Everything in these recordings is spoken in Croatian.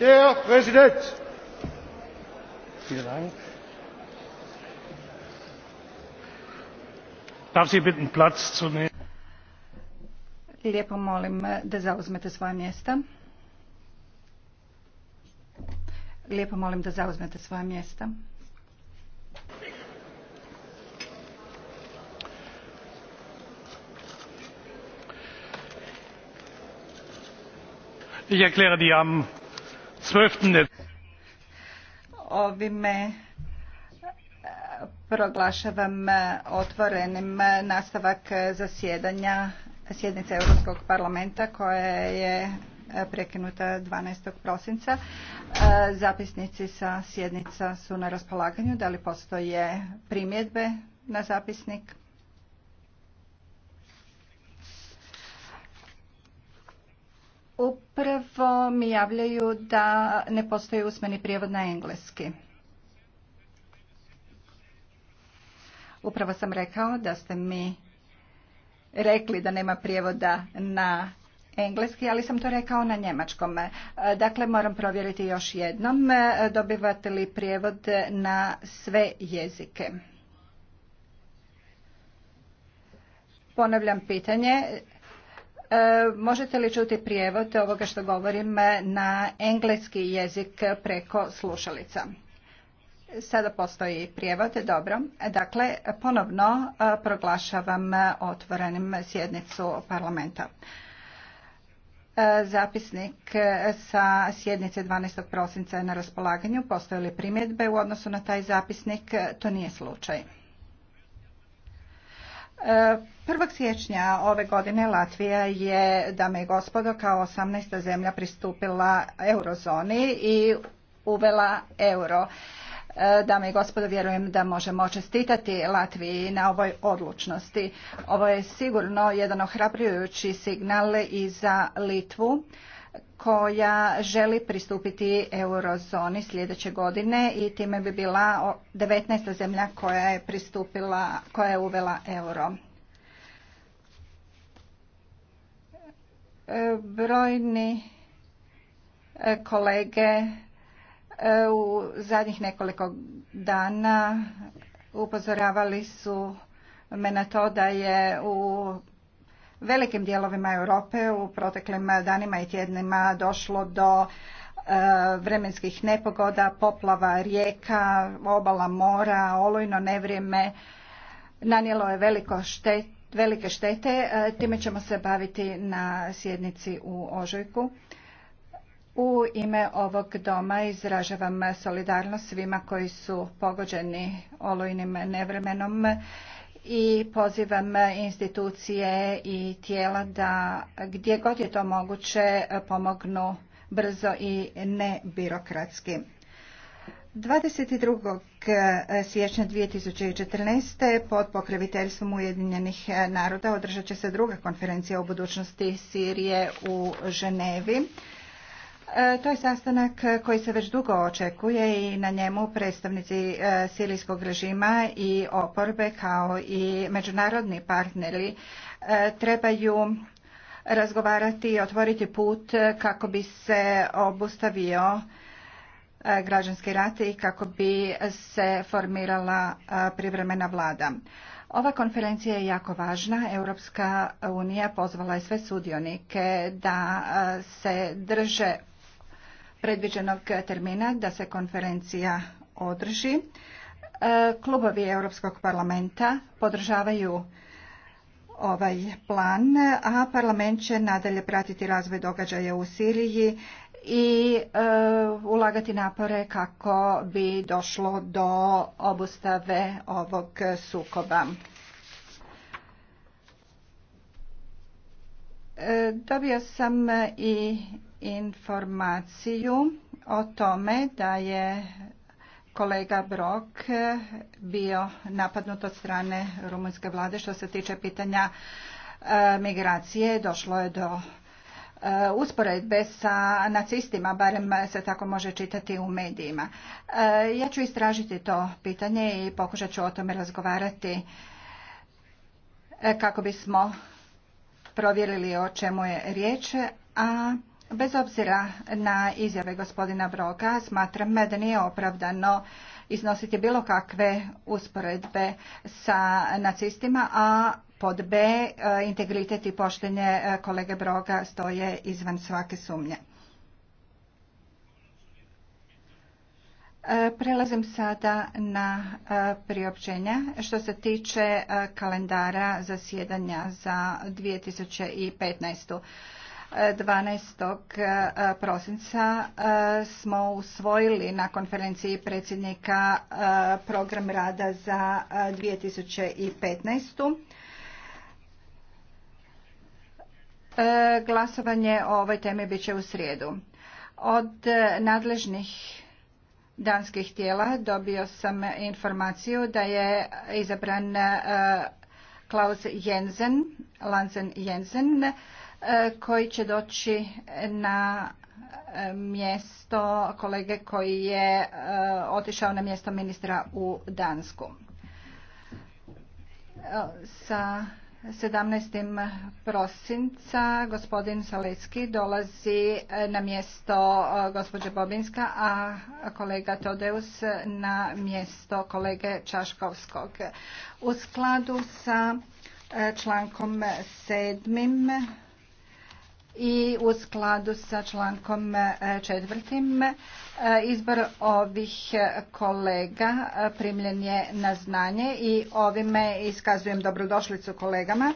Der Präsident! Vielen Dank. Darf Sie bitten, Platz zu nehmen? Lijepo molim da zauzmete svoja mjesta. Lijepo molim da zauzmete svoja mjesta. Ich erkläre die am Ovime e, proglašavam e, otvorenim e, nastavak zasjedanja sjednice Europskog parlamenta koja je prekinuta 12. prosinca. Zapisnici sa sjednica su na raspolaganju. Da li postoje primjedbe na zapisnik? Prvo mi javljaju da ne postoji usmeni prijevod na engleski. Upravo sam rekao da ste mi rekli da nema prijevoda na engleski, ali sam to rekao na njemačkom. Dakle, moram provjeriti još jednom. Dobivate li prijevod na sve jezike? Ponavljam pitanje. E, možete li čuti prijevod ovoga što govorim e, na engleski jezik preko slušalica? Sada postoji prijevod, dobro. Dakle, ponovno e, proglašavam otvorenim sjednicu parlamenta. Zapisnik sa sjednice 12. prosinca je na raspolaganju. Postoje li primjedbe u odnosu na taj zapisnik? To nije slučaj. Prvog siječnja ove godine Latvija je, dame i gospodo, kao 18. zemlja pristupila eurozoni i uvela euro. E, dame i gospodo, vjerujem da možemo čestitati Latviji na ovoj odlučnosti. Ovo je sigurno jedan ohrabrujući signal i za Litvu koja želi pristupiti eurozoni sljedeće godine i time bi bila 19. zemlja koja je pristupila, koja je uvela euro. E, brojni e, kolege e, u zadnjih nekoliko dana upozoravali su me na to da je u velikim dijelovima Europe u proteklim danima i tjednima došlo do e, vremenskih nepogoda, poplava rijeka, obala mora, olujno nevrijeme. Nanijelo je veliko velike štete. E, time ćemo se baviti na sjednici u Ožujku. U ime ovog doma izražavam solidarnost svima koji su pogođeni olojnim nevremenom i pozivam institucije i tijela da gdje god je to moguće pomognu brzo i ne birokratski. 22. siječnja 2014. pod pokroviteljstvom Ujedinjenih naroda održat će se druga konferencija o budućnosti Sirije u Ženevi. E, to je sastanak koji se već dugo očekuje i na njemu predstavnici e, sirijskog režima i oporbe kao i međunarodni partneri e, trebaju razgovarati i otvoriti put kako bi se obustavio građanski rat i kako bi se formirala privremena vlada. Ova konferencija je jako važna. Europska unija pozvala je sve sudionike da se drže predviđenog termina da se konferencija održi. E, klubovi Europskog parlamenta podržavaju ovaj plan, a parlament će nadalje pratiti razvoj događaja u Siriji i e, ulagati napore kako bi došlo do obustave ovog sukoba. E, dobio sam i informaciju o tome da je kolega Brok bio napadnut od strane rumunjske vlade što se tiče pitanja e, migracije. Došlo je do e, usporedbe sa nacistima, barem se tako može čitati u medijima. E, ja ću istražiti to pitanje i pokušat ću o tome razgovarati kako bismo provjerili o čemu je riječ, a Bez obzira na izjave gospodina Broga, smatram da nije opravdano iznositi bilo kakve usporedbe sa nacistima, a pod B e, integritet i poštenje e, kolege Broga stoje izvan svake sumnje. E, prelazim sada na priopćenja. Što se tiče kalendara zasjedanja za 2015. 12. Eh, prosinca eh, smo usvojili na konferenciji predsjednika eh, program rada za 2015. Glasovanje o ovoj temi bit će u srijedu. Od nadležnih danskih tijela dobio sam informaciju da je izabran Klaus Jensen, Lansen Jensen, E, koji će doći na e, mjesto kolege koji je e, otišao na mjesto ministra u Dansku. Sa 17. prosinca gospodin Salecki dolazi na mjesto gospođe Bobinska, a kolega Todeus na mjesto kolege Čaškovskog. U skladu sa člankom sedmim i u skladu sa člankom e, četvrtim e, izbor ovih e, kolega primljen je na znanje i ovime iskazujem dobrodošlicu kolegama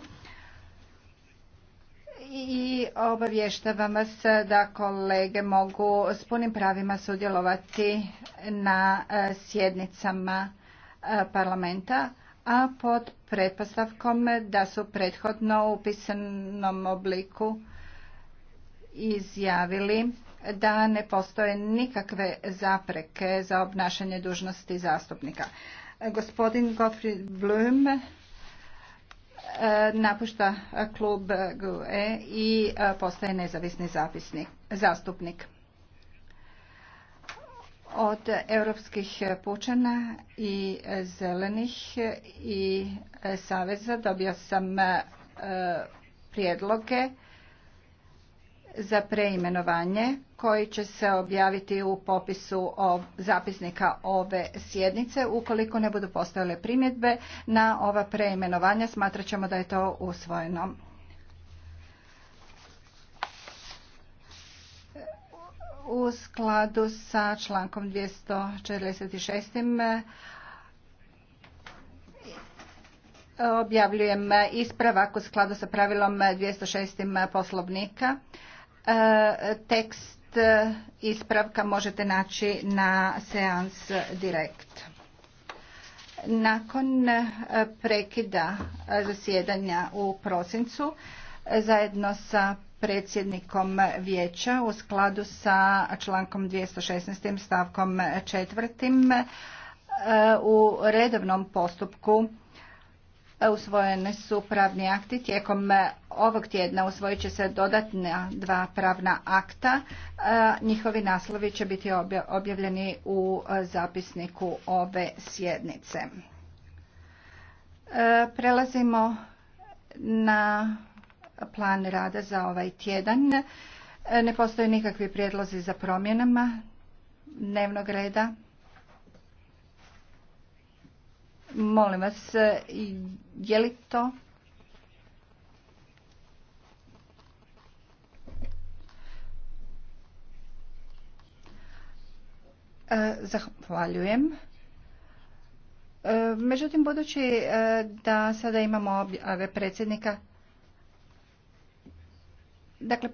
i obavještavam vas da kolege mogu s punim pravima sudjelovati na sjednicama parlamenta a pod pretpostavkom da su prethodno u pisanom obliku izjavili da ne postoje nikakve zapreke za obnašanje dužnosti zastupnika. Gospodin Gottfried Blum e, napušta klub GUE i e, postaje nezavisni zapisnik, zastupnik. Od europskih pučana i zelenih i saveza dobio sam e, prijedloge za preimenovanje koji će se objaviti u popisu zapisnika ove sjednice. Ukoliko ne budu postojale primjedbe na ova preimenovanja, smatrat ćemo da je to usvojeno. U skladu sa člankom 246 objavljujem ispravak u skladu sa pravilom 206. poslovnika. E, tekst e, ispravka možete naći na seans direkt. Nakon e, prekida zasjedanja u prosincu zajedno sa predsjednikom vijeća u skladu sa člankom 216. stavkom četvrtim u redovnom postupku usvojene su pravni akti. Tijekom e, ovog tjedna usvojit će se dodatna dva pravna akta. E, njihovi naslovi će biti objavljeni u e, zapisniku ove sjednice. Prelazimo na plan rada za ovaj tjedan. Ne postoje nikakvi prijedlozi za promjenama dnevnog reda. Molim vas, je li to? E, zahvaljujem. E, međutim, budući e, da sada imamo objave predsjednika, dakle,